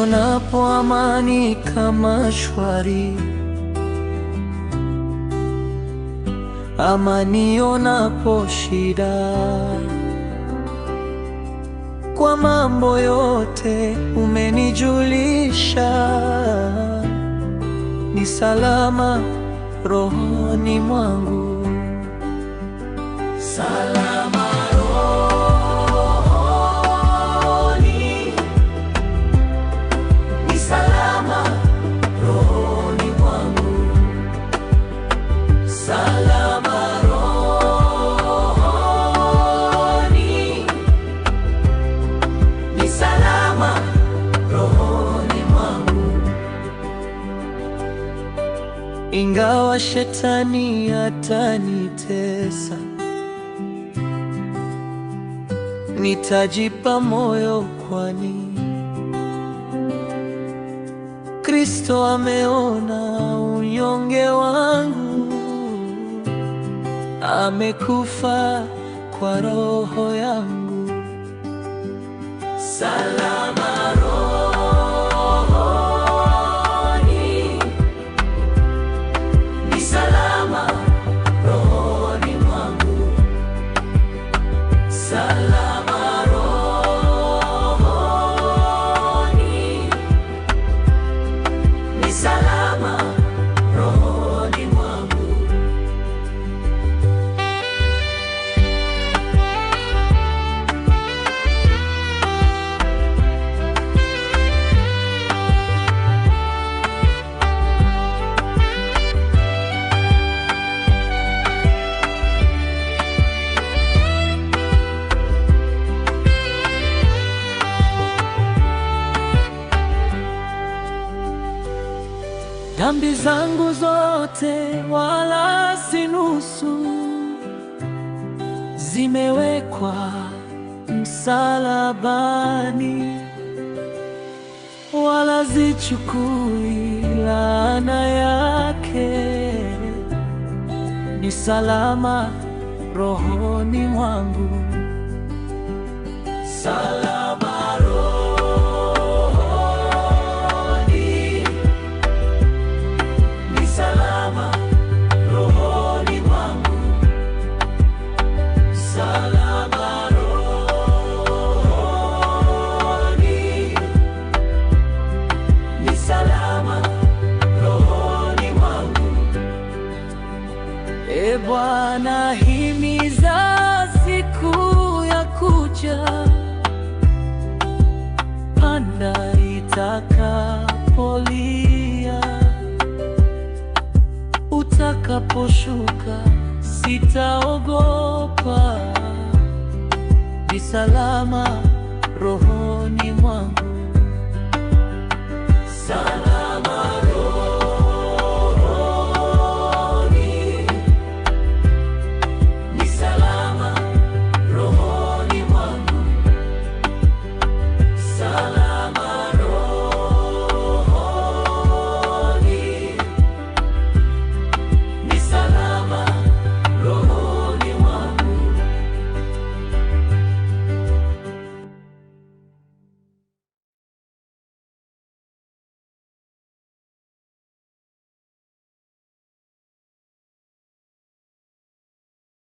Uonapo amani kama shwari, amani ionapo shida, kwa mambo yote umenijulisha, ni salama rohoni mwangu Sala. ingawa shetani atanitesa, nitajipa moyo, kwani Kristo ameona unyonge wangu, amekufa kwa roho yangu salama. dhambi zangu zote wala si nusu, zimewekwa msalabani, wala zichukui laana yake, ni salama rohoni mwangu Salama. moja panda itakapolia, utakaposhuka sitaogopa, ni salama